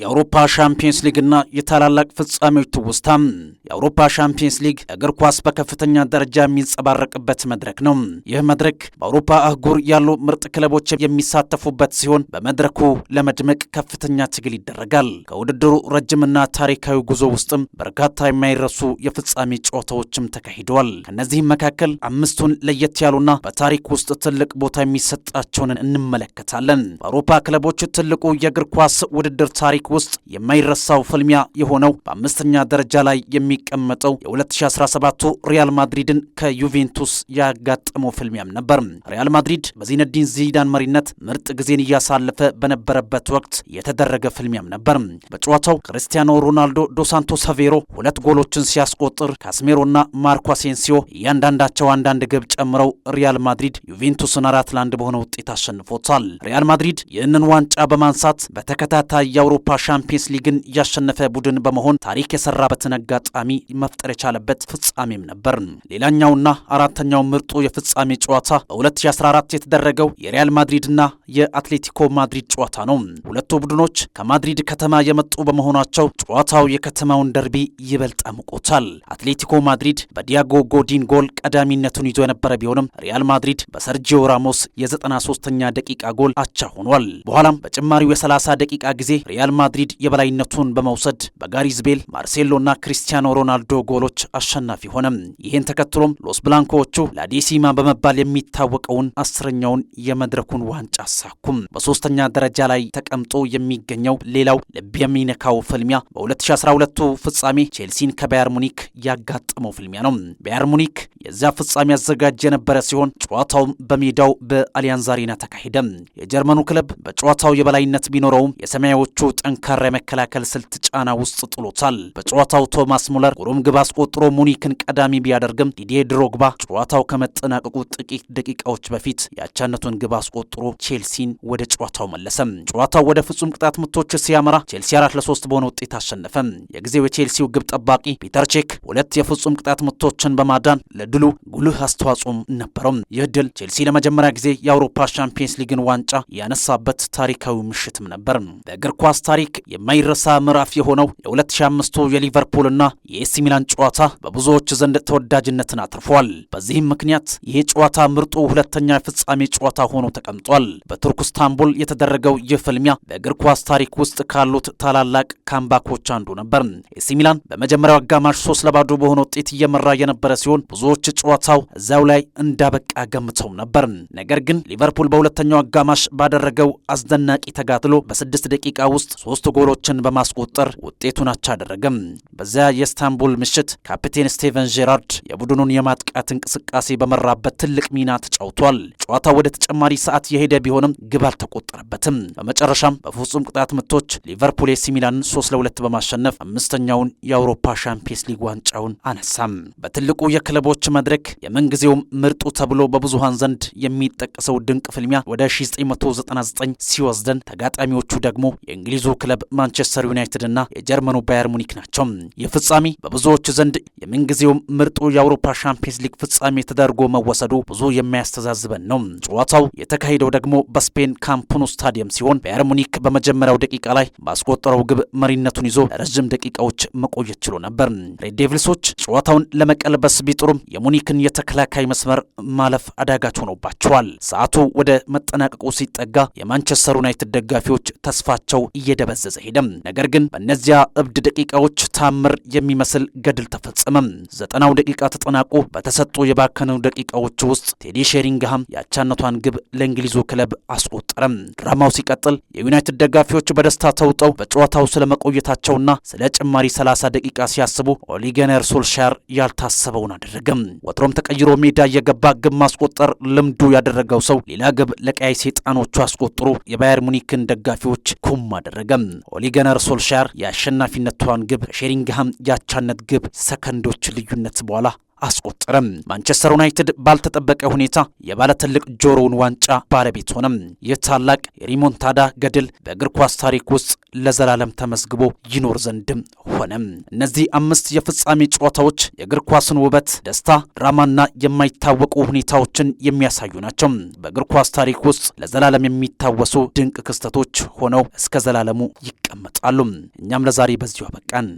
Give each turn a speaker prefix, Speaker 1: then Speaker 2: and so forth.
Speaker 1: የአውሮፓ ሻምፒየንስ ሊግና የታላላቅ ፍጻሜዎች ትውስታ። የአውሮፓ ሻምፒየንስ ሊግ እግር ኳስ በከፍተኛ ደረጃ የሚንጸባረቅበት መድረክ ነው። ይህ መድረክ በአውሮፓ አህጉር ያሉ ምርጥ ክለቦች የሚሳተፉበት ሲሆን በመድረኩ ለመድመቅ ከፍተኛ ትግል ይደረጋል። ከውድድሩ ረጅምና ታሪካዊ ጉዞ ውስጥም በርካታ የማይረሱ የፍጻሜ ጨዋታዎችም ተካሂደዋል። ከእነዚህም መካከል አምስቱን ለየት ያሉና በታሪክ ውስጥ ትልቅ ቦታ የሚሰጣቸውን እንመለከታለን። በአውሮፓ ክለቦች ትልቁ የእግር ኳስ ውድድር ታሪክ ውስጥ የማይረሳው ፍልሚያ የሆነው በአምስተኛ ደረጃ ላይ የሚቀመጠው የ2017 ሪያል ማድሪድን ከዩቬንቱስ ያጋጠመው ፍልሚያም ነበር። ሪያል ማድሪድ በዚነዲን ዚዳን መሪነት ምርጥ ጊዜን እያሳለፈ በነበረበት ወቅት የተደረገ ፍልሚያም ነበር። በጨዋታው ክርስቲያኖ ሮናልዶ ዶሳንቶ ሳቬሮ ሁለት ጎሎችን ሲያስቆጥር ካስሜሮና ማርኮ አሴንሲዮ እያንዳንዳቸው አንዳንድ ግብ ጨምረው ሪያል ማድሪድ ዩቬንቱስን አራት ለአንድ በሆነ ውጤት አሸንፎታል። ሪያል ማድሪድ ይህንን ዋንጫ በማንሳት በተከታታይ የአውሮፓ ሻምፒየንስ ሊግን ያሸነፈ ቡድን በመሆን ታሪክ የሰራበትን አጋጣሚ መፍጠር የቻለበት ፍጻሜም ነበር። ሌላኛውና አራተኛው ምርጡ የፍጻሜ ጨዋታ በ2014 የተደረገው የሪያል ማድሪድና የአትሌቲኮ ማድሪድ ጨዋታ ነው። ሁለቱ ቡድኖች ከማድሪድ ከተማ የመጡ በመሆናቸው ጨዋታው የከተማውን ደርቢ ይበልጥ አምቆታል። አትሌቲኮ ማድሪድ በዲያጎ ጎዲን ጎል ቀዳሚነቱን ይዞ የነበረ ቢሆንም ሪያል ማድሪድ በሰርጂዮ ራሞስ የ93ኛ ደቂቃ ጎል አቻ ሆኗል። በኋላም በጭማሪው የ30 ደቂቃ ጊዜ ሪያል ማድሪድ የበላይነቱን በመውሰድ በጋሪዝ ቤል፣ ማርሴሎና ክሪስቲያኖ ሮናልዶ ጎሎች አሸናፊ ሆነም። ይህን ተከትሎም ሎስ ብላንኮዎቹ ላዲሲማ በመባል የሚታወቀውን አስረኛውን የመድረኩን ዋንጫ አሳኩም። በሶስተኛ ደረጃ ላይ ተቀምጦ የሚገኘው ሌላው ልብ የሚነካው ፍልሚያ በ 2012 ፍጻሜ ቼልሲን ከባየር ሙኒክ ያጋጠመው ፍልሚያ ነው። ባየር ሙኒክ የዚያ ፍጻሜ አዘጋጅ የነበረ ሲሆን ጨዋታውም በሜዳው በአሊያንዝ አሬና ተካሄደ። የጀርመኑ ክለብ በጨዋታው የበላይነት ቢኖረውም የሰማያዎቹ ጠንካራ የመከላከል ስልት ጫና ውስጥ ጥሎታል። በጨዋታው ቶማስ ሙለር ግሩም ግብ አስቆጥሮ ሙኒክን ቀዳሚ ቢያደርግም ዲዲዬ ድሮግባ ጨዋታው ከመጠናቀቁ ጥቂት ደቂቃዎች በፊት የአቻነቱን ግብ አስቆጥሮ ቼልሲን ወደ ጨዋታው መለሰም። ጨዋታው ወደ ፍጹም ቅጣት ምቶች ሲያመራ ቼልሲ አራት ለሶስት በሆነ ውጤት አሸነፈም። የጊዜው የቼልሲው ግብ ጠባቂ ፒተር ቼክ ሁለት የፍጹም ቅጣት ምቶችን በማዳን ለድሉ ጉልህ አስተዋጽኦም ነበረው። ይህ ድል ቼልሲ ለመጀመሪያ ጊዜ የአውሮፓ ሻምፒየንስ ሊግን ዋንጫ ያነሳበት ታሪካዊ ምሽትም ነበር። በእግር ኳስ ታሪክ ታሪክ የማይረሳ ምዕራፍ የሆነው የ2005ቱ የሊቨርፑልና የኤሲ ሚላን ጨዋታ በብዙዎች ዘንድ ተወዳጅነትን አትርፏል። በዚህም ምክንያት ይህ ጨዋታ ምርጡ ሁለተኛ ፍጻሜ ጨዋታ ሆኖ ተቀምጧል። በቱርክ ስታንቡል የተደረገው ይህ ፍልሚያ በእግር ኳስ ታሪክ ውስጥ ካሉት ታላላቅ ካምባኮች አንዱ ነበር። ኤሲ ሚላን በመጀመሪያው አጋማሽ ሶስት ለባዶ በሆነ ውጤት እየመራ የነበረ ሲሆን ብዙዎች ጨዋታው እዚያው ላይ እንዳበቃ ገምተው ነበር። ነገር ግን ሊቨርፑል በሁለተኛው አጋማሽ ባደረገው አስደናቂ ተጋድሎ በስድስት ደቂቃ ውስጥ ሶስት ጎሎችን በማስቆጠር ውጤቱን አቻ አደረገም። በዚያ የኢስታንቡል ምሽት ካፕቴን ስቴቨን ጄራርድ የቡድኑን የማጥቃት እንቅስቃሴ በመራበት ትልቅ ሚና ተጫውቷል። ጨዋታው ወደ ተጨማሪ ሰዓት የሄደ ቢሆንም ግብ አልተቆጠረበትም። በመጨረሻም በፍጹም ቅጣት ምቶች ሊቨርፑል ኤሲ ሚላንን ሶስት ለሁለት በማሸነፍ አምስተኛውን የአውሮፓ ሻምፒየንስ ሊግ ዋንጫውን አነሳም። በትልቁ የክለቦች መድረክ የምንጊዜውም ምርጡ ተብሎ በብዙሃን ዘንድ የሚጠቀሰው ድንቅ ፍልሚያ ወደ 1999 ሲወስደን ተጋጣሚዎቹ ደግሞ የእንግሊዙ ክለብ ማንቸስተር ዩናይትድ እና የጀርመኑ ባየር ሙኒክ ናቸው። ይህ ፍጻሜ በብዙዎቹ ዘንድ የምንጊዜውም ምርጡ የአውሮፓ ሻምፒየንስ ሊግ ፍጻሜ ተደርጎ መወሰዱ ብዙ የሚያስተዛዝበን ነው። ጨዋታው የተካሄደው ደግሞ በስፔን ካምፕኑ ስታዲየም ሲሆን ባየር ሙኒክ በመጀመሪያው ደቂቃ ላይ ባስቆጠረው ግብ መሪነቱን ይዞ ረዥም ደቂቃዎች መቆየት ችሎ ነበር። ሬድ ዴቪልሶች ጨዋታውን ለመቀልበስ ቢጥሩም የሙኒክን የተከላካይ መስመር ማለፍ አዳጋች ሆኖባቸዋል። ሰዓቱ ወደ መጠናቀቁ ሲጠጋ የማንቸስተር ዩናይትድ ደጋፊዎች ተስፋቸው እየደበ እየደበዘዘ ሄደም። ነገር ግን በእነዚያ እብድ ደቂቃዎች ታምር የሚመስል ገድል ተፈጸመም። ዘጠናው ደቂቃ ተጠናቆ በተሰጡ የባከነው ደቂቃዎች ውስጥ ቴዲ ሼሪንግሃም የአቻነቷን ግብ ለእንግሊዙ ክለብ አስቆጠረም። ድራማው ሲቀጥል የዩናይትድ ደጋፊዎች በደስታ ተውጠው በጨዋታው ስለመቆየታቸውና ስለ ጭማሪ 30 ደቂቃ ሲያስቡ ኦሊገነር ሶልሻር ያልታሰበውን አደረገም። ወትሮም ተቀይሮ ሜዳ እየገባ ግብ ማስቆጠር ልምዱ ያደረገው ሰው ሌላ ግብ ለቀያይ ሰይጣኖቹ አስቆጥሮ የባየር ሙኒክን ደጋፊዎች ኩም አደረገም። ተገለጸም። ኦሊገነር ሶልሻር የአሸናፊነቷን ግብ ከሼሪንግሃም ያቻነት ግብ ሰከንዶች ልዩነት በኋላ አስቆጠረም። ማንቸስተር ዩናይትድ ባልተጠበቀ ሁኔታ የባለ ትልቅ ጆሮውን ዋንጫ ባለቤት ሆነም። ይህ ታላቅ የሪሞንታዳ ገድል በእግር ኳስ ታሪክ ውስጥ ለዘላለም ተመዝግቦ ይኖር ዘንድም ሆነም። እነዚህ አምስት የፍጻሜ ጨዋታዎች የእግር ኳስን ውበት፣ ደስታ፣ ድራማና የማይታወቁ ሁኔታዎችን የሚያሳዩ ናቸው። በእግር ኳስ ታሪክ ውስጥ ለዘላለም የሚታወሱ ድንቅ ክስተቶች ሆነው እስከ ዘላለሙ ይቀመጣሉ። እኛም ለዛሬ በዚሁ አበቃን።